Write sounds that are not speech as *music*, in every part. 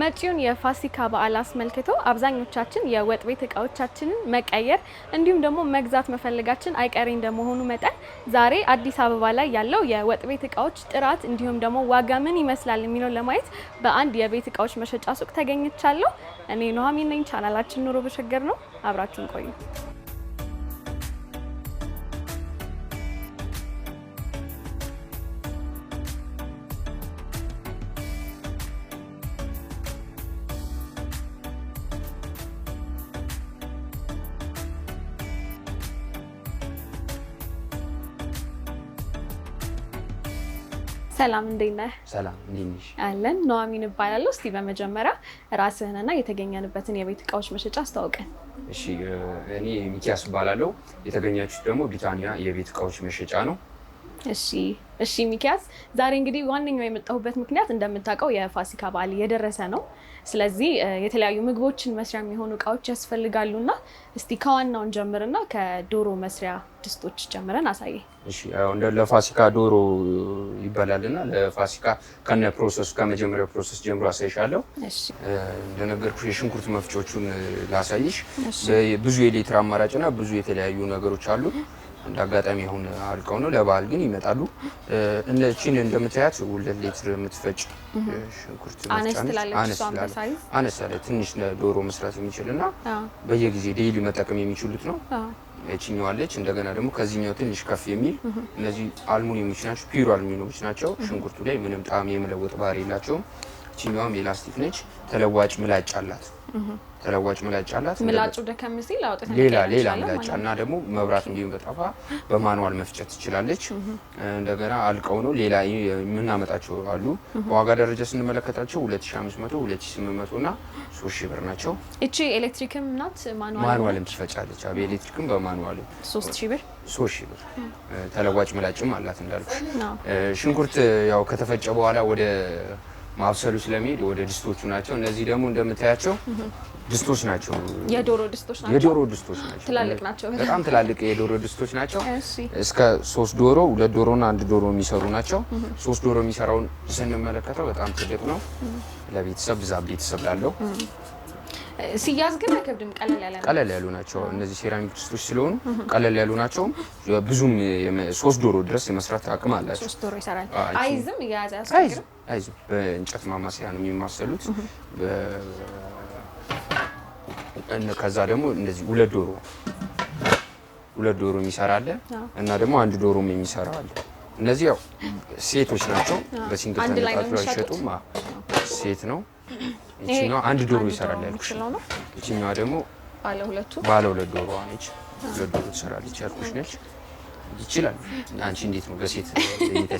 መጪውን የፋሲካ በዓል አስመልክቶ አብዛኞቻችን የወጥ ቤት እቃዎቻችንን መቀየር እንዲሁም ደግሞ መግዛት መፈለጋችን አይቀሬ እንደመሆኑ መጠን ዛሬ አዲስ አበባ ላይ ያለው የወጥ ቤት እቃዎች ጥራት እንዲሁም ደግሞ ዋጋ ምን ይመስላል የሚለውን ለማየት በአንድ የቤት እቃዎች መሸጫ ሱቅ ተገኝቻለሁ። እኔ ኑሐሚን ነኝ። ቻናላችን ኑሮ በሸገር ነው። አብራችሁን ቆዩ። ሰላም እንዴት ነህ? ሰላም እንዴት ነሽ? አለን። ኑሐሚን እባላለሁ። እስቲ በመጀመሪያ ራስህንና የተገኘንበትን የቤት እቃዎች መሸጫ አስተዋውቀን። እሺ፣ እኔ ሚኪያስ እባላለሁ። የተገኛችሁት ደግሞ ቢታንያ የቤት እቃዎች መሸጫ ነው። እሺ እሺ ሚኪያስ፣ ዛሬ እንግዲህ ዋነኛው የመጣሁበት ምክንያት እንደምታውቀው የፋሲካ በዓል እየደረሰ ነው። ስለዚህ የተለያዩ ምግቦችን መስሪያ የሚሆኑ እቃዎች ያስፈልጋሉና እስቲ ከዋናውን ጀምርና ከዶሮ መስሪያ ድስቶች ጀምረን አሳየ። ለፋሲካ ዶሮ ይበላልና ለፋሲካ ከነ ፕሮሰሱ ከመጀመሪያ ፕሮሰስ ጀምሮ አሳይሻለሁ። እንደነገርኩሽ የሽንኩርት መፍጮቹን ላሳይሽ። ብዙ የሌትር አማራጭና ብዙ የተለያዩ ነገሮች አሉ። እንዳጋጣሚ አጋጣሚ አሁን አልቀው ነው። ለበዓል ግን ይመጣሉ። እነቺን እንደምታያት ሁለት ሌትር የምትፈጭ ሽንኩርት አነስ ያለ ትንሽ ለዶሮ መስራት የሚችል እና በየጊዜ ዴይሊ መጠቀም የሚችሉት ነው። ችኛዋለች እንደገና ደግሞ ከዚህኛው ትንሽ ከፍ የሚል እነዚህ አልሙኒየሞች ናቸው። ፒዩር አልሙኒየሞች ናቸው። ሽንኩርቱ ላይ ምንም ጣዕም የመለወጥ ባህሪ የላቸውም። ችኛዋም የላስቲክ ነች። ተለዋጭ ምላጭ አላት። ተለዋጭ ምላጭ አላት። ምላጩ ደከም ሲል አውጥተን ሌላ ሌላ ምላጭ እና ደግሞ መብራት እንዲሁም በጠፋ በማንዋል መፍጨት ትችላለች። እንደገና አልቀው ነው ሌላ የምናመጣቸው አሉ። በዋጋ ደረጃ ስንመለከታቸው 2500፣ 2800 እና 3000 ብር ናቸው። እቺ ኤሌክትሪክም ናት ማንዋልም ትፈጫለች። አብ ኤሌክትሪክም በማንዋል 3000 ብር 3000 ብር። ተለዋጭ ምላጭም አላት እንዳልኩ ሽንኩርት ያው ከተፈጨ በኋላ ወደ ማብሰሉ ስለሚሄድ ወደ ድስቶቹ ናቸው። እነዚህ ደግሞ እንደምታያቸው ድስቶች ናቸው፣ የዶሮ ድስቶች ናቸው። የዶሮ ድስቶች ናቸው፣ ትላልቅ ናቸው፣ በጣም ትላልቅ የዶሮ ድስቶች ናቸው። እስከ ሶስት ዶሮ፣ ሁለት ዶሮና አንድ ዶሮ የሚሰሩ ናቸው። ሶስት ዶሮ የሚሰራውን ስንመለከተው በጣም ትልቅ ነው፣ ለቤተሰብ ብዛት ቤተሰብ ላለው ሲያዝ ግን አይከብድም። ቀለል ያለ ቀለል ያሉ ናቸው። እነዚህ ሴራሚክ ድስቶች ስለሆኑ ቀለል ያሉ ናቸው። ብዙም ሶስት ዶሮ ድረስ የመስራት አቅም አላቸው። ሶስት ዶሮ ይሰራል። አይዝም፣ እየያዘ አያስቸግርም። አይዝም። በእንጨት ማማሰያ ነው የሚማሰሉት። ከዛ ደግሞ እንደዚህ ሁለት ዶሮ ሁለት ዶሮ የሚሰራ አለ እና ደግሞ አንድ ዶሮም የሚሰራ አለ። እነዚህ ያው ሴቶች ናቸው። በሲንግል ተነጣጥሎ አይሸጡም። ሴት ነው ይችኛዋ አንድ ዶሮ ይሰራል ያልኩሽ። ይችኛዋ ደግሞ ባለ ሁለት ዶሮ ነች። ሁለት ዶሮ ትሰራለች ያልኩሽ ነች። ይችላል። አንቺ እንዴት ነው በሴት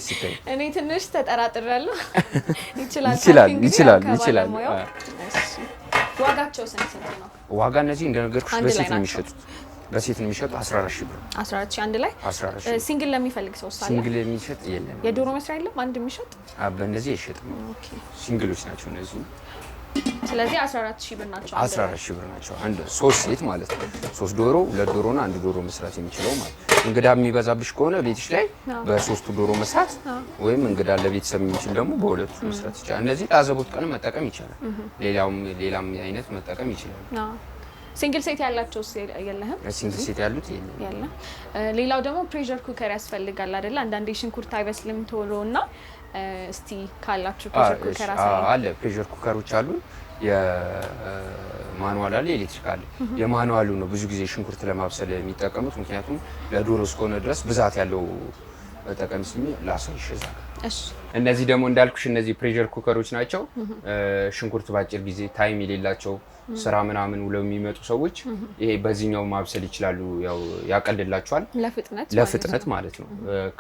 ሲታይ? እኔ ትንሽ ተጠራጥሬያለሁ። *laughs* ይችላል ይችላል ይችላል። ዋጋቸው ስንት ነው? ዋጋ እነዚህ እንደነገርኩሽ በሴት ነው የሚሸጡት በሴት ነው የሚሸጡ 14 ሺህ ብር 14 ሺህ አንድ ላይ 14 ሺህ ሲንግል ለሚፈልግ ሰው ሳለ ሲንግል የሚሸጥ የለም። የዶሮ መስሪያ የለም አንድ የሚሸጥ አበ እንደዚህ አይሸጥም። ኦኬ ሲንግሎች ናቸው እነዚህ ስለዚህ 14 ሺህ ብር ናቸው። 14 ሺህ ብር ናቸው። አንድ ሶስት ሴት ማለት ነው። ሶስት ዶሮ፣ ሁለት ዶሮና አንድ ዶሮ መስራት የሚችለው ማለት እንግዳ የሚበዛብሽ ከሆነ ቤትሽ ላይ በሶስቱ ዶሮ መስራት ወይም እንግዳ ለቤተሰብ የሚችል ደግሞ በሁለቱ መስራት እነዚህ ለአዘቦት መጠቀም ይቻላል። ሌላውም ሌላም አይነት መጠቀም ይችላል። ሲንግል ሴት ያላቸው የለህም? ሲንግል ሴት ያሉት የለም። ሌላው ደግሞ ፕሬሸር ኩከር ያስፈልጋል አይደል? አንዳንዴ ሽንኩርት አይበስልም ቶሎ እና እስቲ ካላችሁ ፕሬሽር ኩከር አለ። ፕሬሽር ኩከሮች አሉ። የማኑዋል አለ፣ የኤሌክትሪክ አለ። የማኑዋሉ ነው ብዙ ጊዜ ሽንኩርት ለማብሰል የሚጠቀሙት። ምክንያቱም ለዶሮ እስከሆነ ድረስ ብዛት ያለው ጠቀሚ ስሚ ላሳይሽ እዛ ጋር እነዚህ ደግሞ እንዳልኩሽ እነዚህ ፕሬሸር ኩከሮች ናቸው። ሽንኩርት በአጭር ጊዜ ታይም የሌላቸው ስራ ምናምን ውለው የሚመጡ ሰዎች ይሄ በዚህኛው ማብሰል ይችላሉ። ያው ያቀልላቸዋል፣ ለፍጥነት ማለት ነው።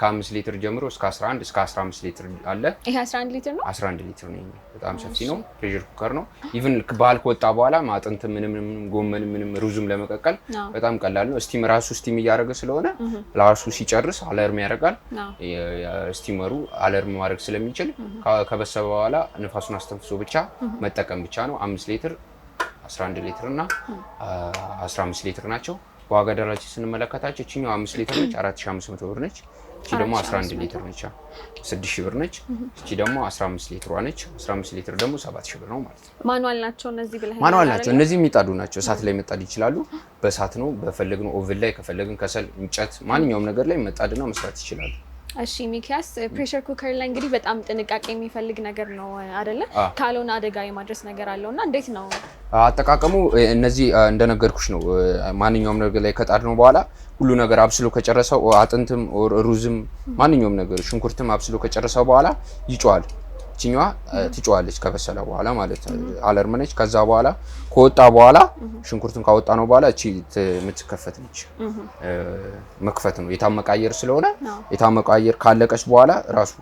ከአምስት ሊትር ጀምሮ እስከ 11 እስከ 15 ሊትር አለ። ይሄ 11 ሊትር ነው፣ 11 ሊትር ነው። በጣም ሰፊ ነው፣ ፕሬሸር ኩከር ነው። ኢቭን ባህል ከወጣ በኋላ ማጥንት ምንም ጎመን ምንም ሩዝም ለመቀቀል በጣም ቀላል ነው። ስቲም ራሱ ስቲም እያደረገ ስለሆነ ራሱ ሲጨርስ አለርም ያደርጋል። ስቲመሩ አለርም ማድረግ ማድረግ ስለሚችል ከበሰበ በኋላ ንፋሱን አስተንፍሶ ብቻ መጠቀም ብቻ ነው። አምስት ሊትር 11 ሊትር እና 15 ሊትር ናቸው። በዋጋ ደረጃ ስንመለከታቸው እችኛው አምስት ሊትር ነች፣ 4500 ብር ነች። እቺ ደግሞ 11 ሊትር ነች፣ 6000 ብር ነች። እቺ ደግሞ 15 ሊትሯ ነች። 15 ሊትር ደግሞ 7000 ብር ነው ማለት ነው። ማኑዋል ናቸው እነዚህ ብለህ ማኑዋል ናቸው እነዚህ የሚጣዱ ናቸው። እሳት ላይ መጣድ ይችላሉ። በእሳት ነው በፈለግነው ኦቭን ላይ ከፈለግን ከሰል፣ እንጨት ማንኛውም ነገር ላይ መጣድና መስራት ይችላሉ። እሺ ሚኪያስ፣ ፕሬሸር ኩከር ላይ እንግዲህ በጣም ጥንቃቄ የሚፈልግ ነገር ነው አይደለ? ካልሆነ አደጋ የማድረስ ነገር አለው እና እንዴት ነው አጠቃቀሙ? እነዚህ እንደነገርኩሽ ነው። ማንኛውም ነገር ላይ ከጣድ ነው በኋላ ሁሉ ነገር አብስሎ ከጨረሰው አጥንትም፣ ሩዝም፣ ማንኛውም ነገር ሽንኩርትም አብስሎ ከጨረሰው በኋላ ይጮዋል። እችኛዋ ትጮዋለች ከበሰለ በኋላ ማለት አለርም ነች። ከዛ በኋላ ከወጣ በኋላ ሽንኩርቱን ካወጣ ነው በኋላ እቺ የምትከፈት ነች። መክፈት ነው የታመቀ አየር ስለሆነ የታመቀ አየር ካለቀች በኋላ ራሱ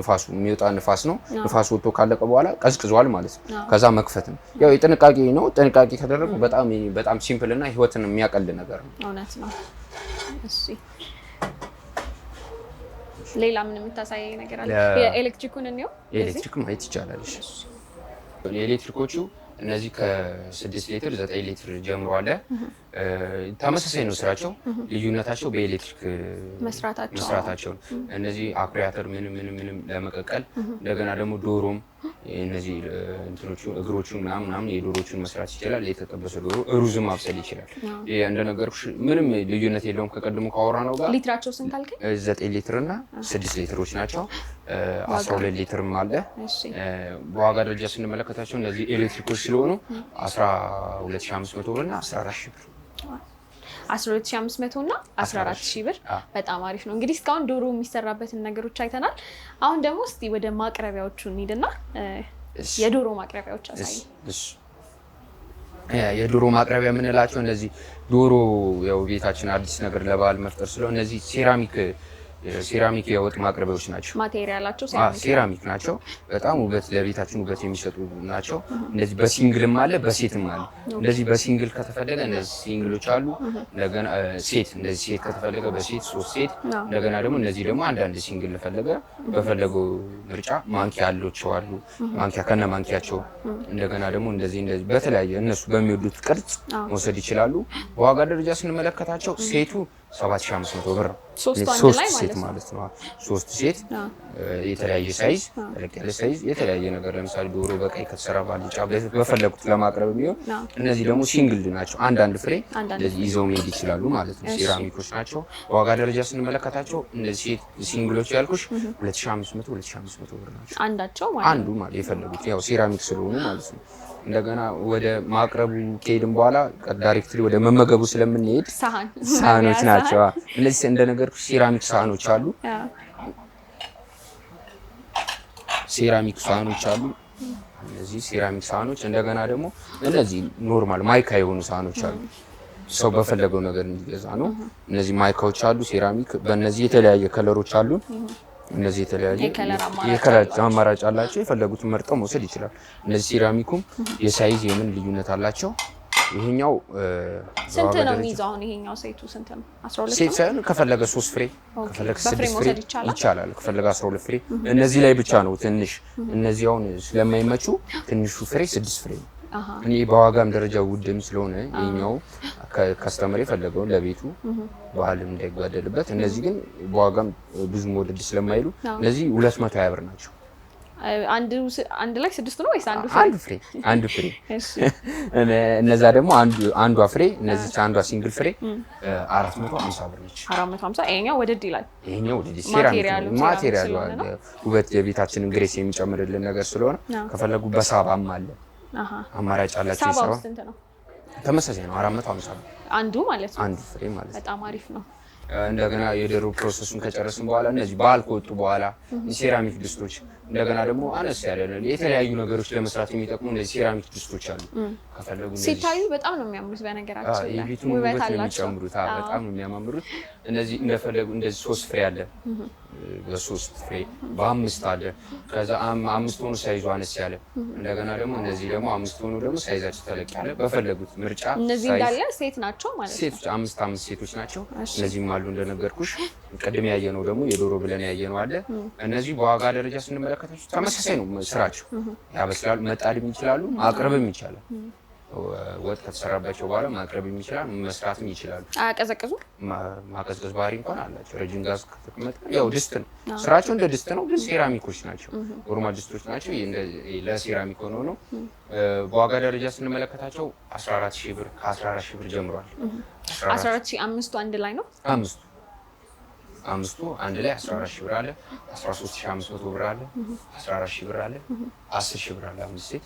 ንፋሱ የሚወጣ ንፋስ ነው። ንፋሱ ወጥቶ ካለቀ በኋላ ቀዝቅዟል ማለት ነው። ከዛ መክፈት ነው። ያው የጥንቃቄ ነው። ጥንቃቄ ከደረጉ በጣም በጣም ሲምፕል እና ህይወትን የሚያቀል ነገር ነው። እውነት ነው። ሌላ ምን የምታሳይ ነገር አለ? የኤሌክትሪኩን እኒው የኤሌክትሪክ ማየት ይቻላል። የኤሌክትሪኮቹ እነዚህ ከስድስት ሊትር ዘጠኝ ሊትር ጀምሮ አለ ተመሳሳይ ነው ስራቸው። ልዩነታቸው በኤሌክትሪክ መስራታቸው ነው። እነዚህ አኩሪያተር ምንም ምንም ምንም ለመቀቀል እንደገና ደግሞ ዶሮም እነዚህ እንትኖቹ እግሮቹ ምናምን ምናምን የዶሮቹን መስራት ይችላል። የተጠበሰ ዶሮ ሩዝም ማብሰል ይችላል። እንደነገርኩሽ ምንም ልዩነት የለውም ከቀድሞ ካወራ ነው ጋር። ሊትራቸው ስንት አልከኝ? ዘጠኝ ሊትር እና ስድስት ሊትሮች ናቸው። አስራ ሁለት ሊትርም አለ። በዋጋ ደረጃ ስንመለከታቸው እነዚህ ኤሌክትሪኮች ስለሆኑ አስራ ሁለት ሺህ አምስት መቶ ብር እና አስራ አራት ሺህ ብር አስራ ሁለት ሺህ አምስት መቶ እና አስራ አራት ሺህ ብር በጣም አሪፍ ነው። እንግዲህ እስካሁን ዶሮ የሚሰራበትን ነገሮች አይተናል። አሁን ደግሞ እስኪ ወደ ማቅረቢያዎቹ እንሂድና የዶሮ ማቅረቢያዎች አሳይ። የዶሮ ማቅረቢያ የምንላቸው እነዚህ ዶሮ ያው ቤታችን አዲስ ነገር ለበዓል መፍጠር ስለሆነ እነዚህ ሴራሚክ ሴራሚክ የወጥ ማቅረቢያዎች ናቸው። ማቴሪያላቸው ሴራሚክ ናቸው። በጣም ውበት ለቤታችን ውበት የሚሰጡ ናቸው። እንደዚህ በሲንግልም አለ በሴትም አለ። እንደዚህ በሲንግል ከተፈለገ እነዚህ ሲንግሎች አሉ። እንደገና ሴት እንደዚህ ሴት ከተፈለገ በሴት ሶስት ሴት እንደገና ደግሞ እነዚህ ደግሞ አንዳንድ ሲንግል ለፈለገ በፈለገው ምርጫ ማንኪያ አላቸው አሉ። ማንኪያ ከነ ማንኪያቸው እንደገና ደግሞ እንደዚህ እንደዚህ በተለያየ እነሱ በሚወዱት ቅርጽ መውሰድ ይችላሉ። በዋጋ ደረጃ ስንመለከታቸው ሴቱ ሰባት ሺህ አምስት መቶ ብር ነው። ሶስት ሴት ማለት ነው። ሶስት ሴት የተለያየ ሳይዝ ተለቅ ሳይዝ የተለያየ ነገር ለምሳሌ ዶሮ በቀይ ከተሰራ ባልጫ በፈለጉት ለማቅረብ የሚሆን እነዚህ ደግሞ ሲንግል ናቸው። አንዳንድ ፍሬ እንደዚህ ይዘው መሄድ ይችላሉ ማለት ነው። ሴራሚኮች ናቸው። ዋጋ ደረጃ ስንመለከታቸው እነዚህ ሴት ሲንግሎች ያልኩሽ 2500 2500 ብር ናቸው። አንዳቸው አንዱ ማለት የፈለጉት ያው ሴራሚክ ስለሆኑ ማለት ነው። እንደገና ወደ ማቅረቡ ከሄድን በኋላ ዳይሬክትሊ ወደ መመገቡ ስለምንሄድ ሳህኖች ናቸው። እነዚህ እንደነገርኩሽ ሴራሚክ ሳህኖች አሉ፣ ሴራሚክ ሳህኖች አሉ። እነዚህ ሴራሚክ ሳህኖች እንደገና ደግሞ እነዚህ ኖርማል ማይካ የሆኑ ሳህኖች አሉ። ሰው በፈለገው ነገር እንዲገዛ ነው። እነዚህ ማይካዎች አሉ፣ ሴራሚክ በእነዚህ የተለያየ ከለሮች አሉን። እነዚህ የተለያዩ የከለር አማራጭ አላቸው። የፈለጉትን መርጠው መውሰድ ይችላል። እነዚህ ሴራሚኩም የሳይዝ የምን ልዩነት አላቸው። ይሄኛው ስንት ነው የሚይዘው? አሁን ይሄኛው ሴቱ ስንት ነው? 12 ሴት ሳይሆን ከፈለገ 3 ፍሬ ከፈለገ 6 ፍሬ ይቻላል። ከፈለገ 12 ፍሬ እነዚህ ላይ ብቻ ነው ትንሽ። እነዚህ አሁን ስለማይመቹ ትንሹ ፍሬ 6 ፍሬ ነው። እኔ በዋጋም ደረጃ ውድም ስለሆነ የኛው ከስተመር የፈለገውን ለቤቱ ባህልም እንዳይጓደልበት፣ እነዚህ ግን በዋጋም ብዙ ወደድ ስለማይሉ እነዚህ ሁለት መቶ ሀያ ብር ናቸው። አንድ ላይ ስድስት ነው ወይስ አንዱ ፍሬ? አንዱ ፍሬ። እነዛ ደግሞ አንዷ ፍሬ እነዚህ አንዷ ሲንግል ፍሬ አራት መቶ ሀምሳ ብር ነች። አራት መቶ ሀምሳ ይኸኛው ወደድ ይላል። ይኸኛው ወደድ ሴራሚክ ማቴሪያል ውበት የቤታችንን ግሬስ የሚጨምርልን ነገር ስለሆነ ከፈለጉ በሳባም አለ አማራጭ አላቸው። ሳባ ስንት ነው? ተመሳሳይ ነው። አራት መቶ ሀምሳ ነው አንዱ ማለት ነው። አንዱ ፍሬ ማለት ነው። በጣም አሪፍ ነው። እንደገና የዶሮ ፕሮሰሱን ከጨረስን በኋላ እነዚህ በዓል ከወጡ በኋላ ሴራሚክ ድስቶች እንደገና ደግሞ አነስ ያለ የተለያዩ ነገሮች ለመስራት የሚጠቅሙ እንደዚህ ሴራሚክ ድስቶች አሉ። ከፈለጉ ሲታዩ በጣም ነው የሚያምሩት። በነገራችን ላይ ቤቱን ውበት ነው የሚጨምሩት። በጣም ነው የሚያማምሩት። እነዚህ እንደፈለጉ እንደዚህ ሶስት ፍሬ አለ በሶስት ፍሬ በአምስት አለ። ከዛ አምስት ሆኖ ሳይዙ አነስ ያለ እንደገና ደግሞ እነዚህ ደግሞ አምስት ሆኖ ደግሞ ሳይዛቸው ተለቅ ያለ በፈለጉት ምርጫ እነዚህ እንዳለ ሴት ናቸው ማለት ነው። ሴቶች አምስት አምስት ሴቶች ናቸው። እነዚህም አሉ እንደነገርኩሽ። ቅድም ያየነው ደግሞ የዶሮ ብለን ያየነው አለ። እነዚህ በዋጋ ደረጃ ስንመለከታቸው ተመሳሳይ ነው ስራቸው። ያበስላሉ፣ መጣድም ይችላሉ፣ ማቅረብም ይቻላል። ወጥ ከተሰራባቸው በኋላ ማቅረብ የሚችላል መስራትም ይችላሉ። አያቀዘቅዙ ማቀዝቀዝ ባህሪ እንኳን አላቸው። ረጅም ጋዝ ከተቀመጠ ያው ድስት ነው ስራቸው፣ እንደ ድስት ነው፣ ግን ሴራሚኮች ናቸው። ኖርማል ድስቶች ናቸው። ለሴራሚክ ሆኖ ነው። በዋጋ ደረጃ ስንመለከታቸው 14 ሺህ ብር ከ14 ሺህ ብር ጀምሯል። 14 ሺህ አምስቱ አንድ ላይ ነው አምስቱ አምስቱ አንድ ላይ 14 ሺህ ብር አለ፣ 13 500 ብር አለ፣ 14 ሺህ ብር አለ፣ 10 ሺህ ብር አለ። አምስት ሴት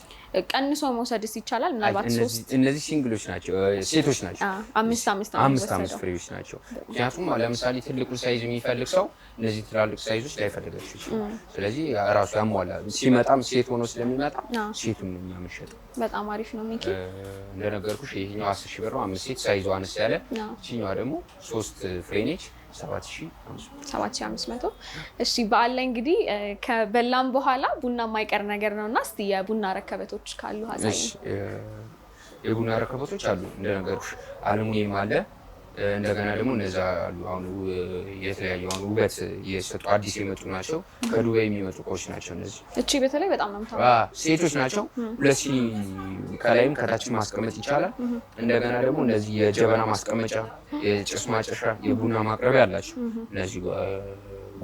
ቀንሶ መውሰድስ ይቻላል? ምናልባት ሶስት እነዚህ ሲንግሎች ናቸው ሴቶች ናቸው። አምስት አምስት አምስት አምስት ፍሬዎች ናቸው። ምክንያቱም ለምሳሌ ትልቁን ሳይዝ የሚፈልግ ሰው እነዚህ ትላልቅ ሳይዞች ላይፈልጋቸው ይችላል። ስለዚህ ራሱ ያሟላ ሲመጣም ሴት ሆኖ ስለሚመጣ ሴቱም ነው እኛ በጣም አሪፍ ነው ሚኪ። እንደነገርኩሽ ይሄኛው 10 ሺህ ብር ነው፣ አምስት ሴት ሳይዙ አነስ ያለ። ይችኛዋ ደግሞ ሶስት ፍሬ ነች። 7500 እሺ። በዓል ላይ እንግዲህ ከበላም በኋላ ቡና የማይቀር ነገር ነው እና እስቲ የቡና ረከበቶች ካሉ የቡና ረከበቶች አሉ እንደነገሩ አለሙኒየም አለ እንደገና ደግሞ እነዛ ያሉ አሁን የተለያዩ አሁን ውበት እየሰጡ አዲስ የመጡ ናቸው። ከዱባይ የሚመጡ እቃዎች ናቸው እነዚህ። እቺ በተለይ በጣም ሴቶች ናቸው። ሁለት ከላይም ከታች ማስቀመጥ ይቻላል። እንደገና ደግሞ እነዚህ የጀበና ማስቀመጫ፣ የጭስ ማጨሻ፣ የቡና ማቅረቢያ አላቸው እነዚህ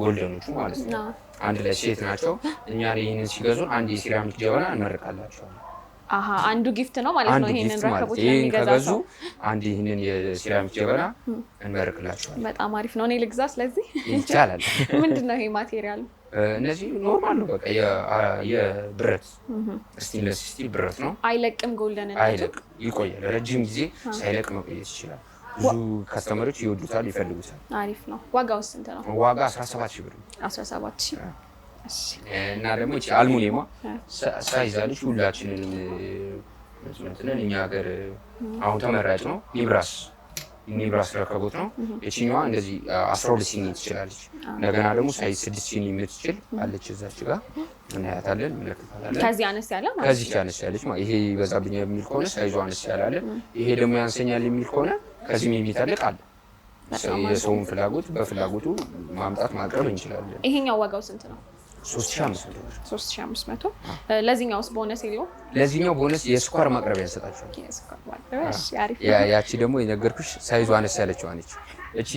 ጎልደኖቹ ማለት ነው። አንድ ላይ ሴት ናቸው። እኛ ይህንን ሲገዙን አንድ የሴራሚክ ጀበና እንመርቃላቸዋለን። አንዱ ጊፍት ነው ማለት ነው። ይሄንን ረከቦች ለሚገዛ ሰው አንድ ይህንን የሴራሚክ ጀበና እንመርቅላቸዋለን። በጣም አሪፍ ነው። እኔ ልግዛ። ስለዚህ ይቻላል። *laughs* ምንድን ነው ይሄ ማቴሪያል? እነዚህ ኖርማል ነው፣ በቃ የብረት ስቲንለስ ስቲል ብረት ነው። አይለቅም፣ ጎልደን አይለቅም፣ ይቆያል። ረጅም ጊዜ ሳይለቅ መቆየት ይችላል። ብዙ ከስተመሮች ይወዱታል፣ ይፈልጉታል። አሪፍ ነው። ዋጋው ስንት ነው? ዋጋ 17 ሺህ ብር ነው። 17 ሺህ እና ደግሞ እቺ አልሙኒየማ ሳይዛለች ሁላችንንም እንትንን እኛ ሀገር አሁን ተመራጭ ነው። ኒብራስ ኒብራስ ረከቦት ነው። እቺኛዋ እንደዚህ አስራ ሁለት ሲኒ ትችላለች። እንደገና ደግሞ ሳይዝ ስድስት ሲኒ የምትችል አለች። እዛች ጋር እናያታለን፣ እንመለከታለን። ከዚህ አነስ ያለች ይሄ ይበዛብኛ የሚል ከሆነ ሳይዙ አነስ ያላለን፣ ይሄ ደግሞ ያንሰኛል የሚል ከሆነ ከዚህም የሚታለቅ አለ። የሰውን ፍላጎት በፍላጎቱ ማምጣት ማቅረብ እንችላለን። ይሄኛው ዋጋው ስንት ነው? 3500 ለዚህኛውስ ቦነስ የለውም? ለዚህኛው ቦነስ የስኳር ማቅረቢያ ያሰጣችኋል። ያቺ ደግሞ የነገርኩሽ ሳይዟ አነስ ያለችው ነች። እቺ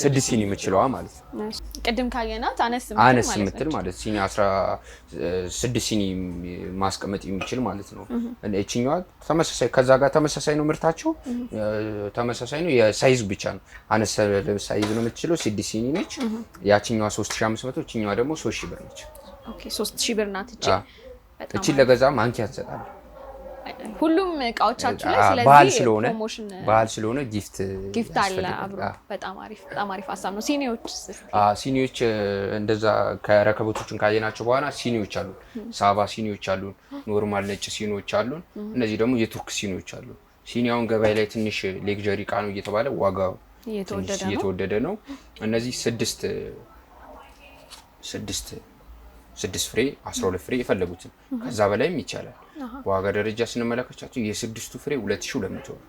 ስድስት ሲኒ የምችለዋ ማለት ነው። ቅድም ካየናት አነስ አነስ የምትል ማለት ሲኒ አስራ ስድስት ሲኒ ማስቀመጥ የሚችል ማለት ነው። እቺኛዋ ተመሳሳይ ከዛ ጋር ተመሳሳይ ነው፣ ምርታቸው ተመሳሳይ ነው። የሳይዝ ብቻ ነው አነስ ሳይዝ ነው የምትችለው። ስድስት ሲኒ ነች። ያችኛዋ ሶስት ሺ አምስት መቶ እችኛዋ ደግሞ ሶስት ሺ ብር ነች። ሶስት ሺ ብር ናት። እቺ ለገዛ ማንኪያ እንሰጣለን ሁሉም እቃዎቻችሁ ላይ ስለዚህ ፕሮሞሽን ባህል ስለሆነ ጊፍት ጊፍት አለ አብሮ። በጣም አሪፍ በጣም አሪፍ ሀሳብ ነው። ሲኒዎች ሲኒዎች እንደዛ ከረከቦቶቹን ካየናቸው በኋላ ሲኒዎች አሉ ሳባ ሲኒዎች አሉን፣ ኖርማል ነጭ ሲኒዎች አሉ እነዚህ ደግሞ የቱርክ ሲኒዎች አሉ ሲኒያውን ገበያ ላይ ትንሽ ሌግጀሪ እቃ ነው እየተባለ ዋጋው እየተወደደ ነው። እነዚህ ስድስት ስድስት ስድስት ፍሬ ሁለት ፍሬ የፈለጉትን ከዛ በላይም ይቻላል በዋጋ ደረጃ ስንመለከቻቸው የስድስቱ ፍሬ 2200 ብር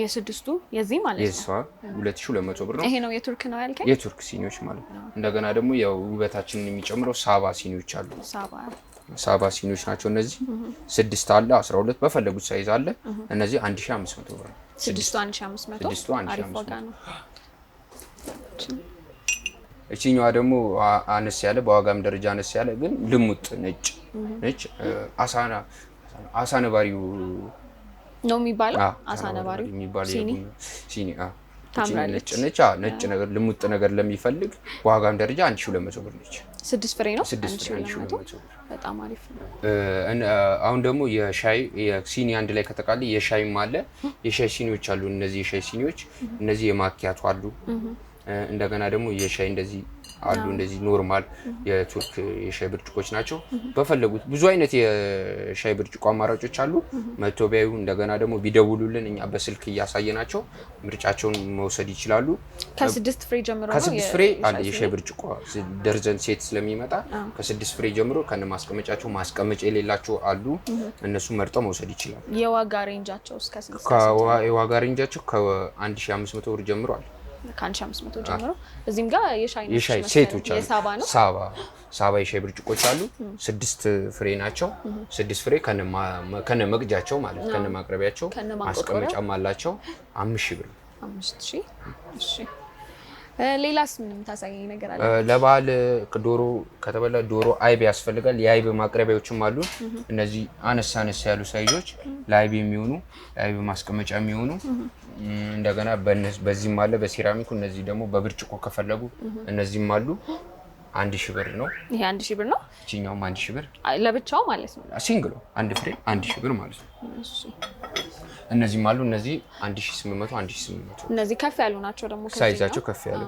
የስድስቱ የዚህ ማለት ነው የሷ 2200 ብር ነው። ይሄ ነው የቱርክ ነው ያልከኝ? የቱርክ ሲኒዎች ማለት ነው። እንደገና ደግሞ ያው ውበታችንን የሚጨምረው ሳባ ሲኒዎች አሉ። ሳባ ሲኒዎች ናቸው እነዚህ። ስድስት አለ 12 በፈለጉት ሳይዝ አለ። እነዚህ 1500 ብር ነው። ስድስቱ 1500 ስድስቱ እቺኛዋ ደግሞ አነስ ያለ በዋጋም ደረጃ አነስ ያለ ግን ልሙጥ ነጭ ነጭ አሳና ነው። አሳ ነባሪው ነው የሚባለው። አሳ ነባሪው የሚባል ሲኒ ታምራለች። ነጭ ነጭ ነገር ልሙጥ ነገር ለሚፈልግ ዋጋም ደረጃ አንድ ሺ ሁለት መቶ ብር ነች። ስድስት ፍሬ ነው። ስድስት ፍሬ አንድ ሺ ሁለት መቶ ብር በጣም አሪፍ ነው። አሁን ደግሞ የሻይ የሲኒ አንድ ላይ ከተቃለ የሻይም አለ የሻይ ሲኒዎች አሉ። እነዚህ የሻይ ሲኒዎች እነዚህ የማኪያቱ አሉ። እንደገና ደግሞ የሻይ እንደዚህ አሉ። እንደዚህ ኖርማል የቱርክ የሻይ ብርጭቆች ናቸው። በፈለጉት ብዙ አይነት የሻይ ብርጭቆ አማራጮች አሉ። መቶ ቢያዩ እንደገና ደግሞ ቢደውሉልን እኛ በስልክ እያሳየ ናቸው ምርጫቸውን መውሰድ ይችላሉ። ከስድስት ፍሬ ጀምሮ ከስድስት ፍሬ አለ የሻይ ብርጭቆ ደርዘን ሴት ስለሚመጣ ከስድስት ፍሬ ጀምሮ ከነ ማስቀመጫቸው ማስቀመጫ የሌላቸው አሉ። እነሱ መርጠው መውሰድ ይችላሉ። የዋጋ ሬንጃቸው ከዋጋ ሬንጃቸው ከ1500 ብር ጀምሮ አለ ከአንድ አምስት መቶ ጀምሮ እዚህም ጋር የሻይ ሴቶች አሉ። ሳባ ሳባ የሻይ ብርጭቆች አሉ። ስድስት ፍሬ ናቸው። ስድስት ፍሬ ከነ መቅጃቸው ማለት ከነ ማቅረቢያቸው ማስቀመጫም አላቸው። አምስት ብር ሌላስ ምንም የምታሳየኝ ነገር አለ? ለበዓል ዶሮ ከተበላ ዶሮ አይብ ያስፈልጋል። የአይብ ማቅረቢያዎችም አሉ። እነዚህ አነስ አነስ ያሉ ሳይዞች ለአይብ የሚሆኑ ለአይብ ማስቀመጫ የሚሆኑ እንደገና በዚህም አለ በሴራሚኩ። እነዚህ ደግሞ በብርጭቆ ከፈለጉ እነዚህም አሉ። አንድ ሺህ ብር ነው። ይሄ አንድ ሺህ ብር ነው። እችኛውም አንድ ሺህ ብር ለብቻው ማለት ነው። ሲንግሉ አንድ ፍሬ አንድ ሺህ ብር ማለት ነው። እነዚህም አሉ። እነዚህ አንድ ሺህ ስምንት መቶ አንድ ሺህ ስምንት መቶ እነዚህ ከፍ ያሉ ናቸው። ደግሞ ሳይዛቸው ከፍ ያሉ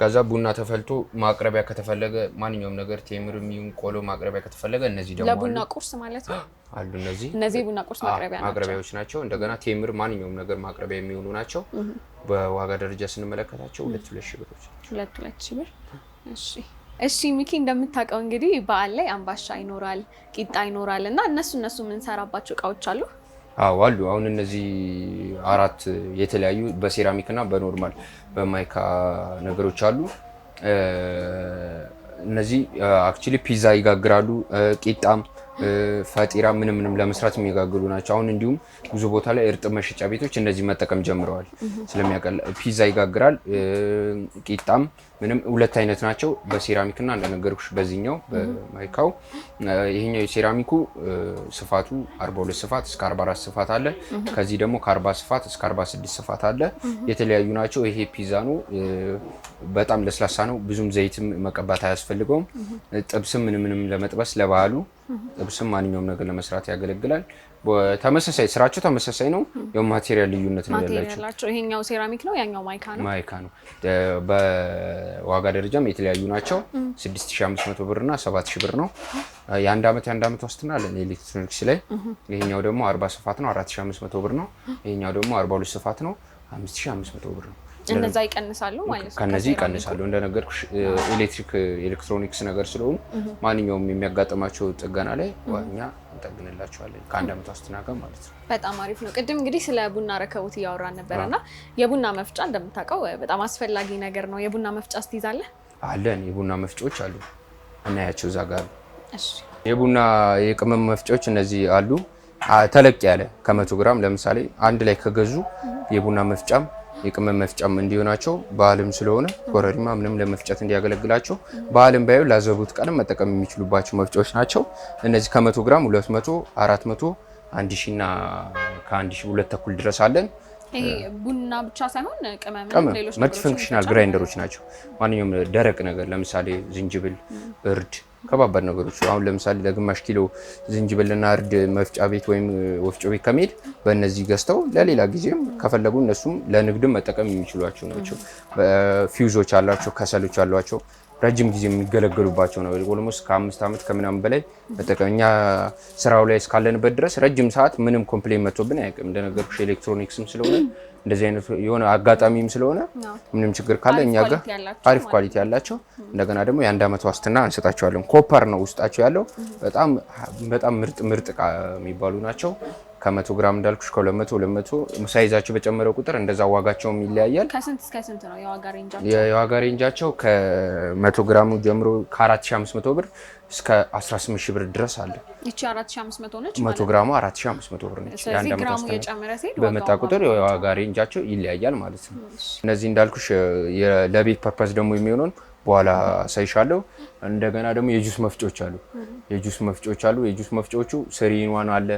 ከዛ ቡና ተፈልቶ ማቅረቢያ ከተፈለገ ማንኛውም ነገር ቴምር የሚሆን ቆሎ ማቅረቢያ ከተፈለገ እነዚህ ደግሞ ለቡና ቁርስ ማለት ነው *gasps* አሉ። እነዚህ እነዚህ ቡና ቁርስ ማቅረቢያዎች ናቸው። እንደገና ቴምር ማንኛውም ነገር ማቅረቢያ የሚሆኑ ናቸው። በዋጋ ደረጃ ስንመለከታቸው ሁለት ሁለት ሺህ ብሮች ሁለት ሁለት ሺህ ብር እሺ እሺ ሚኪ እንደምታውቀው እንግዲህ በዓል ላይ አምባሻ ይኖራል፣ ቂጣ ይኖራል እና እነሱ እነሱ የምንሰራባቸው እቃዎች አሉ? አዎ አሉ። አሁን እነዚህ አራት የተለያዩ በሴራሚክ እና በኖርማል በማይካ ነገሮች አሉ። እነዚህ አክቹሊ ፒዛ ይጋግራሉ። ቂጣም ፈጢራ ምንም ምንም ለመስራት የሚጋግሉ ናቸው። አሁን እንዲሁም ብዙ ቦታ ላይ እርጥብ መሸጫ ቤቶች እነዚህ መጠቀም ጀምረዋል ስለሚያቀል ፒዛ ይጋግራል ቂጣም ምንም ሁለት አይነት ናቸው፣ በሴራሚክ እና እንደነገርኩሽ በዚህኛው በማይካው። ይሄኛው የሴራሚኩ ስፋቱ 42 ስፋት እስከ 44 ስፋት አለ። ከዚህ ደግሞ ከ40 ስፋት እስከ 46 ስፋት አለ። የተለያዩ ናቸው። ይሄ ፒዛ ነው፣ በጣም ለስላሳ ነው። ብዙም ዘይትም መቀባት አያስፈልገውም። ጥብስም ምንም ምንም ለመጥበስ ለባህሉ ጥብስም ማንኛውም ነገር ለመስራት ያገለግላል። ተመሳሳይ ስራቸው ተመሳሳይ ነው። ያው ማቴሪያል ልዩነት ነው ያላቸው። ይሄኛው ሴራሚክ ነው፣ ያኛው ማይካ ነው። ማይካ ነው ዋጋ ደረጃም የተለያዩ ናቸው። 6500 ብር እና 7000 ብር ነው። የአንድ ዓመት የአንድ ዓመት ዋስትና ኤሌክትሮኒክስ ላይ ይሄኛው ደግሞ 40 ስፋት ነው 4500 ብር ነው። ይሄኛው ደግሞ 42 ስፋት ነው 5500 ብር ነው። እነዛ ይቀንሳሉ ማለት ነው። ከነዚህ ይቀንሳሉ። እንደነገርኩሽ ኤሌክትሪክ ኤሌክትሮኒክስ ነገር ስለሆኑ ማንኛውም የሚያጋጥማቸው ጥገና ላይ እኛ እንጠግንላቸዋለን ከአንድ ዓመት ዋስትና ጋር ማለት ነው። በጣም አሪፍ ነው። ቅድም እንግዲህ ስለ ቡና ረከቡት እያወራን ነበረ እና የቡና መፍጫ እንደምታውቀው በጣም አስፈላጊ ነገር ነው። የቡና መፍጫ ስትይዛለ አለን፣ የቡና መፍጫዎች አሉ፣ እናያቸው እዛ ጋር የቡና የቅመም መፍጫዎች እነዚህ አሉ። ተለቅ ያለ ከመቶ ግራም ለምሳሌ አንድ ላይ ከገዙ የቡና መፍጫም የቅመም መፍጫም እንዲሆናቸው በዓልም ስለሆነ ኮረሪማ ምንም ለመፍጨት እንዲያገለግላቸው በዓልም ባዩ ላዘቡት ቀንም መጠቀም የሚችሉባቸው መፍጫዎች ናቸው። እነዚህ ከመቶ ግራም ሁለት መቶ አራት መቶ አንድ ሺ እና ከአንድ ሺ ሁለት ተኩል ድረስ አለን። ቡና ብቻ ሳይሆን ቅመም፣ ሌሎች መልቲ ፈንክሽናል ግራይንደሮች ናቸው። ማንኛውም ደረቅ ነገር ለምሳሌ ዝንጅብል፣ እርድ ከባባድ ነገሮች አሁን ለምሳሌ ለግማሽ ኪሎ ዝንጅብልና እርድ መፍጫ ቤት ወይም ወፍጮ ቤት ከመሄድ በእነዚህ ገዝተው ለሌላ ጊዜም ከፈለጉ እነሱም ለንግድም መጠቀም የሚችሏቸው ናቸው። ፊውዞች አሏቸው፣ ከሰሎች አሏቸው። ረጅም ጊዜ የሚገለገሉባቸው ነው። ኦልሞስት ከአምስት ዓመት ከምናምን በላይ በጠቀኛ ስራው ላይ እስካለንበት ድረስ ረጅም ሰዓት ምንም ኮምፕሌን መጥቶብን አያውቅም። እንደነገርኩሽ ኤሌክትሮኒክስም ስለሆነ እንደዚህ አይነት የሆነ አጋጣሚም ስለሆነ ምንም ችግር ካለ እኛ ጋር አሪፍ ኳሊቲ ያላቸው እንደገና ደግሞ የአንድ ዓመት ዋስትና እንሰጣቸዋለን። ኮፐር ነው ውስጣቸው ያለው። በጣም በጣም ምርጥ ምርጥ እቃ የሚባሉ ናቸው። ከመቶ ግራም እንዳልኩሽ ከሁለት መቶ ሁለት መቶ ሳይዛቸው በጨመረ ቁጥር እንደዛ ዋጋቸውም ይለያያል። ከስንት እስከ ስንት ነው የዋጋ ሬንጃቸው? የዋጋ ሬንጃቸው ከመቶ ግራሙ ጀምሮ ከ4500 ብር እስከ 18000 ብር ድረስ አለ። እቺ 4500 ነች። 100 ግራሙ 4500 ብር ነች። ስለዚህ ግራሙ የጨመረ ሲሄድ በመጣ ቁጥር የዋጋ ሬንጃቸው ይለያያል ማለት ነው። እነዚህ እንዳልኩሽ ለቤት ፐርፐስ ደግሞ የሚሆኑን በኋላ ሳይሻለው እንደገና ደግሞ የጁስ መፍጮች አሉ። የጁስ መፍጮች አሉ። የጁስ መፍጮቹ ስሪን ዋን አለ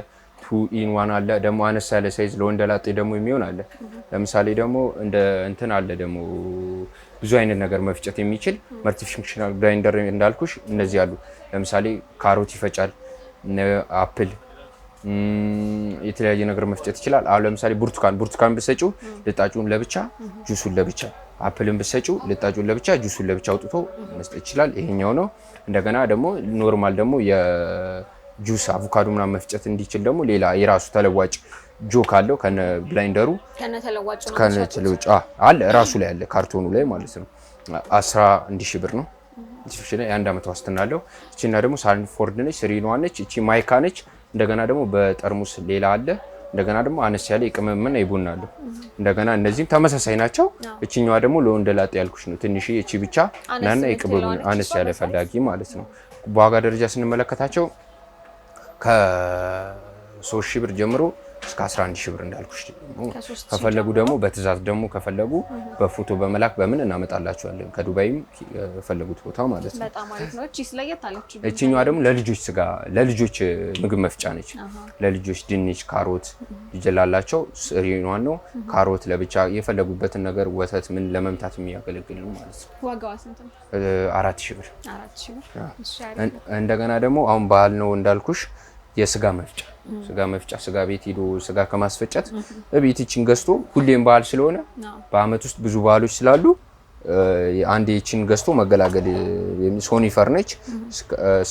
ቱ ኢን ዋን አለ ደግሞ አነስ ያለ ሳይዝ ለወንደላጤ ደግሞ የሚሆን አለ። ለምሳሌ ደግሞ እንደ እንትን አለ ደግሞ ብዙ አይነት ነገር መፍጨት የሚችል መልቲፋንክሽናል ግራይንደር እንዳልኩሽ እነዚህ አሉ። ለምሳሌ ካሮት ይፈጫል፣ አፕል የተለያየ ነገር መፍጨት ይችላል። አሁን ለምሳሌ ብርቱካን ብርቱካን ብሰጪው ልጣጩን ለብቻ ጁሱን ለብቻ፣ አፕልን ብሰጪው ልጣጩን ለብቻ ጁሱን ለብቻ አውጥቶ መስጠት ይችላል። ይሄኛው ነው። እንደገና ደግሞ ኖርማል ደግሞ ጁስ አቮካዶ ምናምን መፍጨት እንዲችል ደግሞ ሌላ የራሱ ተለዋጭ ጆክ አለው ከነ ብላይንደሩ ከነ ተለዋጭ አለ ራሱ ላይ አለ ካርቶኑ ላይ ማለት ነው። አስራ አንድ ሺህ ብር ነው። የአንድ ዓመት ዋስትና አለው። እቺና ደግሞ ሳንፎርድ ነች፣ ስሪኗ ነች፣ እቺ ማይካ ነች። እንደገና ደግሞ በጠርሙስ ሌላ አለ። እንደገና ደግሞ አነስ ያለ የቅመምና የቡና አለው። እንደገና እነዚህም ተመሳሳይ ናቸው። እችኛዋ ደግሞ ለወንደ ያልኩሽ ነው ትንሽ እቺ ብቻ ናና የቅመም አነስ ያለ ፈላጊ ማለት ነው። በዋጋ ደረጃ ስንመለከታቸው ከሶስት ሺህ ብር ጀምሮ እስከ 11 ሺህ ብር እንዳልኩሽ ከፈለጉ ደግሞ በትእዛዝ ደግሞ ከፈለጉ በፎቶ በመላክ በምን እናመጣላችኋለን። ከዱባይም የፈለጉት ቦታ ማለት ነው። በጣም አሪፍ ነው። እቺስ ደግሞ ለልጆች ስጋ ለልጆች ምግብ መፍጫ ነች። ለልጆች ድንች፣ ካሮት ይጀላላቸው ስሪኗን ነው። ካሮት ለብቻ የፈለጉበትን ነገር ወተት ምን ለመምታት የሚያገለግል ነው ማለት ነው። ነው? አራት ሺህ ብር። እንደገና ደግሞ አሁን ባህል ነው እንዳልኩሽ የስጋ መፍጫ ስጋ መፍጫ ስጋ ቤት ሄዶ ስጋ ከማስፈጨት ቤትችን ገዝቶ ሁሌም በዓል ስለሆነ በአመት ውስጥ ብዙ በዓሎች ስላሉ አንድ ይችን ገዝቶ መገላገል ሶኒፈር ነች።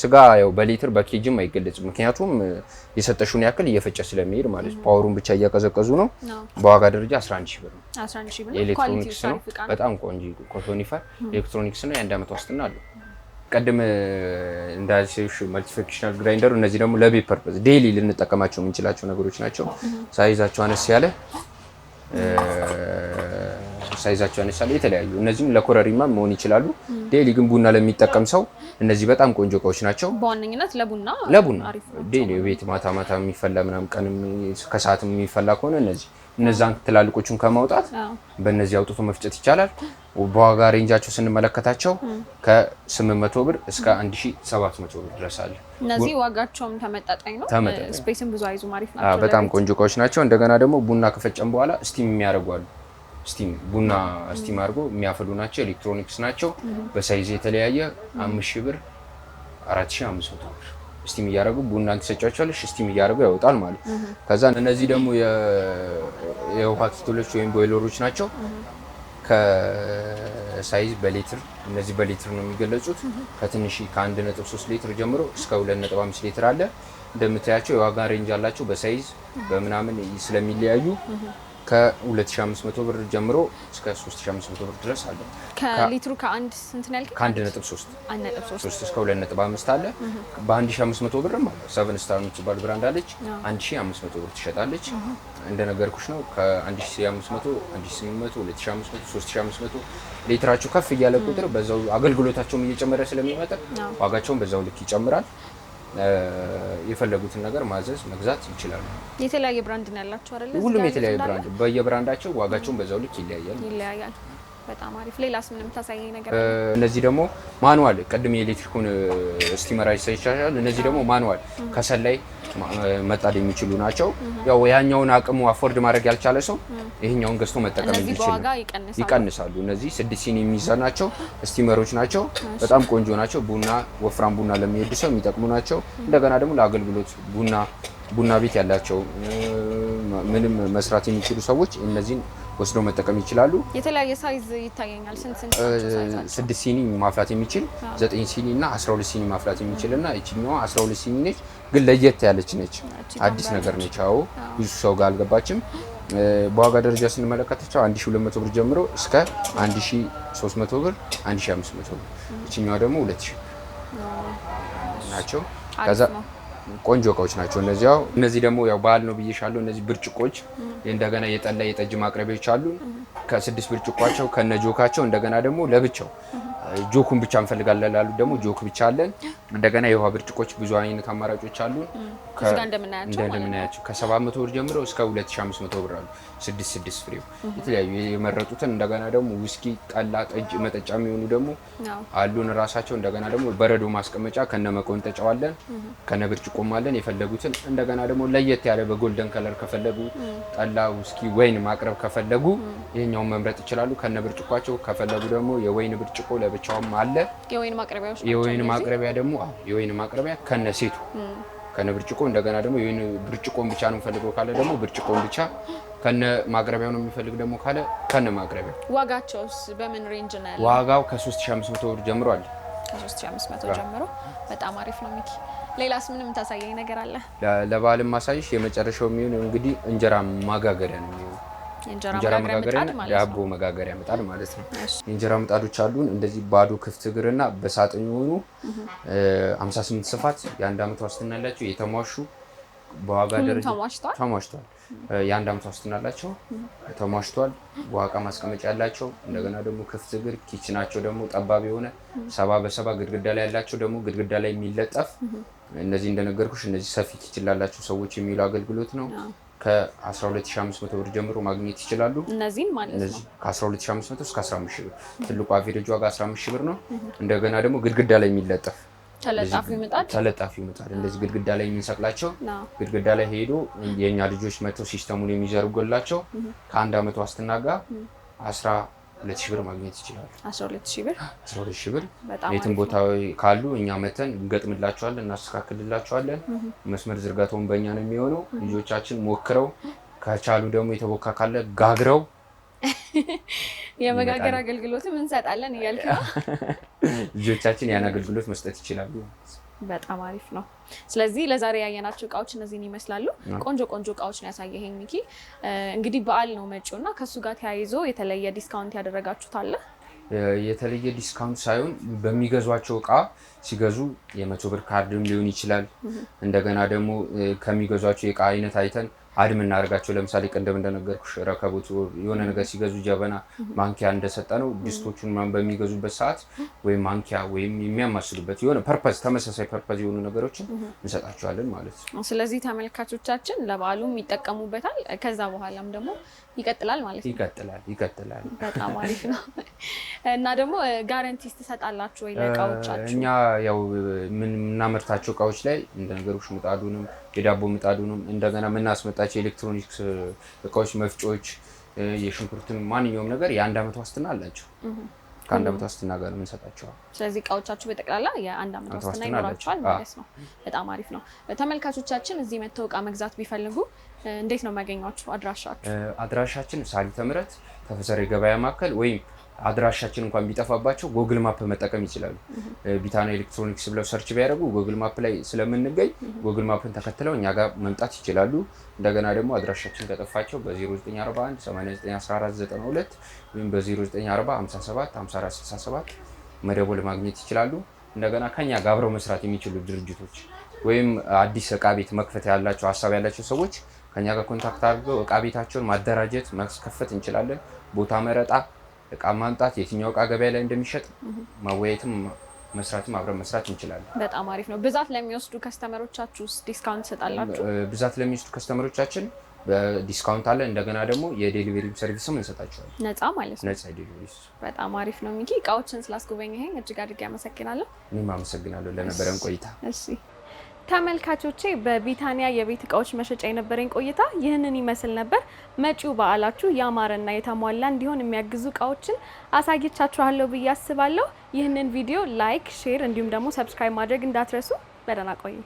ስጋ ያው በሌትር በኬጅም አይገለጽም። ምክንያቱም የሰጠሽውን ያክል እየፈጨ ስለሚሄድ ማለት ነው። ፓወሩን ብቻ እያቀዘቀዙ ነው። በዋጋ ደረጃ 11 ሺህ ብር ነው። ኤሌክትሮኒክስ ነው። በጣም ቆንጂ ሶኒ ኤሌክትሮኒክስ ነው። የአንድ አመት ዋስትና አለው። ቀደም እንዳልሽ መልቲፊኬሽናል ግራይንደሩ እነዚህ ደግሞ ለቤት ፐርፐዝ ዴይሊ ልንጠቀማቸው የምንችላቸው ነገሮች ናቸው። ሳይዛቸው አነስ ያለ ሳይዛቸው አነስ ያለ የተለያዩ እነዚህም ለኮረሪማ መሆን ይችላሉ። ዴይሊ ግን ቡና ለሚጠቀም ሰው እነዚህ በጣም ቆንጆ እቃዎች ናቸው። በዋነኝነት ለቡና ለቡና ዴይሊ ቤት ማታ ማታ የሚፈላ ምናምን ቀንም ከሰዓትም የሚፈላ ከሆነ እነዚህ እነዛን ትላልቆቹን ከማውጣት በእነዚህ አውጥቶ መፍጨት ይቻላል። በዋጋ ሬንጃቸው ስንመለከታቸው ከ800 ብር እስከ 1700 ብር ድረስ አለ። እነዚህ ዋጋቸውም ተመጣጣኝ ነው። ስፔስም ብዙ አይዙ ማሪፍ ናቸው። በጣም ቆንጆ እቃዎች ናቸው። እንደገና ደግሞ ቡና ከፈጨም በኋላ ስቲም የሚያደርጉ አሉ። ስቲም ቡና ስቲም አድርጎ የሚያፈሉ ናቸው። ኤሌክትሮኒክስ ናቸው። በሳይዝ የተለያየ 5000 ብር፣ 4500 ብር ስቲም እያደረጉ ቡና ትሰጫቸዋለሽ፣ ስቲም እያደረጉ ያወጣል ማለት ከዛ እነዚህ ደግሞ የውሃ ኬትሎች ወይም ቦይለሮች ናቸው። ከሳይዝ በሌትር እነዚህ በሊትር ነው የሚገለጹት። ከትንሽ ከ1.3 ሊትር ጀምሮ እስከ 2.5 ሊትር አለ። እንደምታያቸው የዋጋ ሬንጅ አላቸው በሳይዝ በምናምን ስለሚለያዩ ከ2500 ብር ጀምሮ እስከ 3500 ብር ድረስ አለ። ከሊትሩ ከአንድ ስንት ነው ያልከኝ? ከአንድ ነጥብ 3 እስከ 2.5 አለ። በ1500 ብርም አለ። ሰቨን ስታር የምትባል ብራንድ አለች። 1500 ብር ትሸጣለች። እንደነገርኩሽ ነው። ከ1500፣ 1800፣ 2500፣ 3500 ሊትራቸው ከፍ እያለ ቁጥር በዛው አገልግሎታቸውም እየጨመረ ስለሚመጣ ዋጋቸውም በዛው ልክ ይጨምራል። የፈለጉትን ነገር ማዘዝ መግዛት ይችላሉ። የተለያየ ብራንድ ነው ያላቸው አይደል? ሁሉም የተለያየ ብራንድ በየብራንዳቸው ዋጋቸውን በዛው ልክ ይለያያል። በጣም አሪፍ። ሌላስ ምንም ታሳየኝ ነገር? እነዚህ ደግሞ ማኑዋል፣ ቅድም የኤሌክትሪኩን ስቲመራጅ ሳይሻሻል፣ እነዚህ ደግሞ ማኑዋል ከሰል ላይ መጣድ የሚችሉ ናቸው። ያው ያኛውን አቅሙ አፎርድ ማድረግ ያልቻለ ሰው ይሄኛውን ገዝቶ መጠቀም እንዲችል ይቀንሳሉ። እነዚህ ስድስት ሲኒ የሚይዛ ናቸው፣ ስቲመሮች ናቸው። በጣም ቆንጆ ናቸው። ቡና ወፍራም ቡና ለሚወድ ሰው የሚጠቅሙ ናቸው። እንደገና ደግሞ ለአገልግሎት ቡና ቡና ቤት ያላቸው ምንም መስራት የሚችሉ ሰዎች እነዚህን ወስደው መጠቀም ይችላሉ። የተለያየ ሳይዝ ይታየኛል። ስድስት ሲኒ ማፍላት የሚችል ዘጠኝ ሲኒ እና አስራ ሁለት ሲኒ ማፍላት የሚችል እና እችኛዋ አስራ ሁለት ሲኒ ነች፣ ግን ለየት ያለች ነች። አዲስ ነገር ነች። አዎ ብዙ ሰው ጋር አልገባችም። በዋጋ ደረጃ ስንመለከታቸው 1200 ብር ጀምሮ እስከ 1300 ብር፣ 1500 ብር እችኛዋ ደግሞ 2000 ናቸው። ቆንጆ እቃዎች ናቸው። እነዚህ እነዚህ ደግሞ ያው ባህል ነው ብዬሻለሁ። እነዚህ ብርጭቆች እንደገና የጠላ የጠጅ ማቅረቢያዎች አሉ። ከስድስት ብርጭቋቸው ከነ ጆካቸው እንደገና ደግሞ ለብቻው ጆኩን ብቻ እንፈልጋለን ላሉ ደግሞ ጆክ ብቻ አለን። እንደገና የውሃ ብርጭቆች ብዙ አይነት አማራጮች አሉ። እንደምናያቸው ከ700 ብር ጀምሮ እስከ 2500 ብር አሉ። 66 ፍሬው የተለያዩ የመረጡትን እንደገና ደግሞ ውስኪ፣ ጠላ፣ ጠጅ መጠጫ የሚሆኑ ደግሞ አሉን ራሳቸው። እንደገና ደግሞ በረዶ ማስቀመጫ ከነ መቆንጠጫው አለን፣ ከነ ብርጭቆም አለን የፈለጉትን። እንደገና ደግሞ ለየት ያለ በጎልደን ከለር ከፈለጉ ጠላ፣ ውስኪ፣ ወይን ማቅረብ ከፈለጉ ይህኛውን መምረጥ ይችላሉ ከነ ብርጭቋቸው። ከፈለጉ ደግሞ የወይን ብርጭቆ ለብቻውም አለ። የወይን ማቅረቢያ ደግሞ የወይን ማቅረቢያ ከነ ሴቱ ከነ ብርጭቆ እንደገና ደግሞ የወይን ብርጭቆን ብቻ ነው የሚፈልገው ካለ ደግሞ ብርጭቆን ብቻ ከነ ማቅረቢያው ነው የሚፈልግ ደግሞ ካለ ከነ ማቅረቢያ ዋጋቸውስ በምን ሬንጅ ነው ያለው? ዋጋው ከ3500 ብር ጀምሯል። ከ3500 ጀምሮ በጣም አሪፍ ነው። ሚኪ ሌላስ ምንም ታሳየኝ ነገር አለ? ለበዓል ማሳይሽ የመጨረሻው የሚሆን እንግዲህ እንጀራ ማጋገሪያ ነው። እንጀራ መጋገሪያና የአቦ መጋገሪያ ምጣድ ማለት ነው። የእንጀራ ምጣዶች አሉን እንደዚህ ባዶ ክፍት እግርና በሳጥን የሆኑ 58 ስፋት የአንድ አመት ዋስትና ያላቸው የተሟሹ በዋጋ ደረጃ ተሟሽቷል። የአንድ አመት ዋስትና ያላቸው ተሟሽቷል። በዋጋ ማስቀመጫ ያላቸው እንደገና ደግሞ ክፍት እግር ኪችናቸው ደግሞ ጠባብ የሆነ ሰባ በሰባ ግድግዳ ላይ ያላቸው ደግሞ ግድግዳ ላይ የሚለጠፍ እነዚህ እንደነገርኩሽ እነዚህ ሰፊ ኪችን ላላቸው ሰዎች የሚሉ አገልግሎት ነው። ከ12500 ብር ጀምሮ ማግኘት ይችላሉ። እነዚህም ማለት ነው ከ12500 እስከ 15000 ብር ትልቁ አቬሬጅ ዋጋ 15000 ብር ነው። እንደገና ደግሞ ግድግዳ ላይ የሚለጠፍ ተለጣፊ ምጣድ እንደዚህ ግድግዳ ላይ የምንሰቅላቸው ግድግዳ ላይ ሄዶ የኛ ልጆች መጥተው ሲስተሙን የሚዘርጉላቸው ከአንድ አመት ዋስትና ጋር ሁለት ሺህ ብር ማግኘት ይችላሉ። አስራ ሁለት ሺህ ብር አስራ ሁለት ሺህ ብር የትም ቦታ ካሉ እኛ መተን እንገጥምላቸዋለን፣ እናስተካክልላቸዋለን። መስመር ዝርጋታውን በእኛ ነው የሚሆነው። ልጆቻችን ሞክረው ከቻሉ ደግሞ የተቦካ ካለ ጋግረው *laughs* የመጋገር አገልግሎትም እንሰጣለን እያልክ ነው። *laughs* ልጆቻችን ያን አገልግሎት መስጠት ይችላሉ። በጣም አሪፍ ነው። ስለዚህ ለዛሬ ያየናቸው እቃዎች እነዚህን ይመስላሉ። ቆንጆ ቆንጆ እቃዎች ነው ያሳየኸኝ ሚኪ። እንግዲህ በዓል ነው መጪው እና ከእሱ ጋር ተያይዞ የተለየ ዲስካውንት ያደረጋችሁት አለ? የተለየ ዲስካውንት ሳይሆን በሚገዟቸው እቃ ሲገዙ የመቶ ብር ካርድም ሊሆን ይችላል። እንደገና ደግሞ ከሚገዟቸው የእቃ አይነት አይተን አድም እናደርጋቸው። ለምሳሌ ቀደም እንደነገርኩሽ ረከቦት የሆነ ነገር ሲገዙ ጀበና፣ ማንኪያ እንደሰጠ ነው። ድስቶቹን በሚገዙበት ሰዓት ወይም ማንኪያ ወይም የሚያማስሉበት የሆነ ፐርፐዝ ተመሳሳይ ፐርፐዝ የሆኑ ነገሮችን እንሰጣቸዋለን ማለት ነው። ስለዚህ ተመልካቾቻችን ለበዓሉም ይጠቀሙበታል። ከዛ በኋላም ደግሞ ይቀጥላል ማለት ነው። ይቀጥላል ይቀጥላል። በጣም አሪፍ ነው። እና ደግሞ ጋረንቲ ትሰጣላችሁ ወይ ለእቃዎቻችሁ? እኛ ያው ምን የምናመርታቸው እቃዎች ላይ እንደነገርኩሽ ምጣዱንም የዳቦ ምጣዱንም እንደገና የምናስመጣ የምንገዛቸው ኤሌክትሮኒክስ እቃዎች፣ መፍጮች፣ የሽንኩርትን ማንኛውም ነገር የአንድ አመት ዋስትና አላቸው። ከአንድ አመት ዋስትና ጋር የምንሰጣቸዋል። ስለዚህ እቃዎቻችሁ በጠቅላላ የአንድ አመት ዋስትና ይኖራቸዋል ማለት ነው። በጣም አሪፍ ነው። ተመልካቾቻችን እዚህ መጥተው እቃ መግዛት ቢፈልጉ እንዴት ነው የሚያገኟችሁ? አድራሻችሁ አድራሻችን ሳሊተ ምሕረት ተፈሰሪ ገበያ ማዕከል ወይም አድራሻችን እንኳን ቢጠፋባቸው ጎግል ማፕ መጠቀም ይችላሉ። ቢታና ኤሌክትሮኒክስ ብለው ሰርች ቢያደርጉ ጎግል ማፕ ላይ ስለምንገኝ ጎግል ማፕን ተከትለው እኛ ጋር መምጣት ይችላሉ። እንደገና ደግሞ አድራሻችን ከጠፋቸው በ0941 891492 ወይም በ0940 57 ማግኘት ይችላሉ። እንደገና ከኛ ጋር አብረው መስራት የሚችሉ ድርጅቶች ወይም አዲስ እቃ ቤት መክፈት ያላቸው ሀሳብ ያላቸው ሰዎች ከኛ ጋር ኮንታክት አድርገው እቃ ቤታቸውን ማደራጀት ማስከፈት እንችላለን። ቦታ መረጣ እቃ ማምጣት፣ የትኛው እቃ ገበያ ላይ እንደሚሸጥ መወያየትም መስራትም አብረን መስራት እንችላለን። በጣም አሪፍ ነው። ብዛት ለሚወስዱ ከስተመሮቻችሁ ውስጥ ዲስካውንት ትሰጣላችሁ? ብዛት ለሚወስዱ ከስተመሮቻችን ዲስካውንት አለ። እንደገና ደግሞ የዴሊቨሪ ሰርቪስም እንሰጣቸዋለን። ነፃ ማለት ነው። ነፃ ዴሊቨሪ። በጣም አሪፍ ነው። ሚኪ እቃዎችን ስላስጎበኘኸኝ እጅግ አድርጌ አመሰግናለሁ። እኔም አመሰግናለሁ ለነበረን ቆይታ። እሺ ተመልካቾቼ በቢታንያ የቤት እቃዎች መሸጫ የነበረኝ ቆይታ ይህንን ይመስል ነበር። መጪው በዓላችሁ ያማረና የተሟላ እንዲሆን የሚያግዙ እቃዎችን አሳይቻችኋለሁ ብዬ አስባለሁ። ይህንን ቪዲዮ ላይክ፣ ሼር እንዲሁም ደግሞ ሰብስክራይብ ማድረግ እንዳትረሱ። በደህና ቆዩ።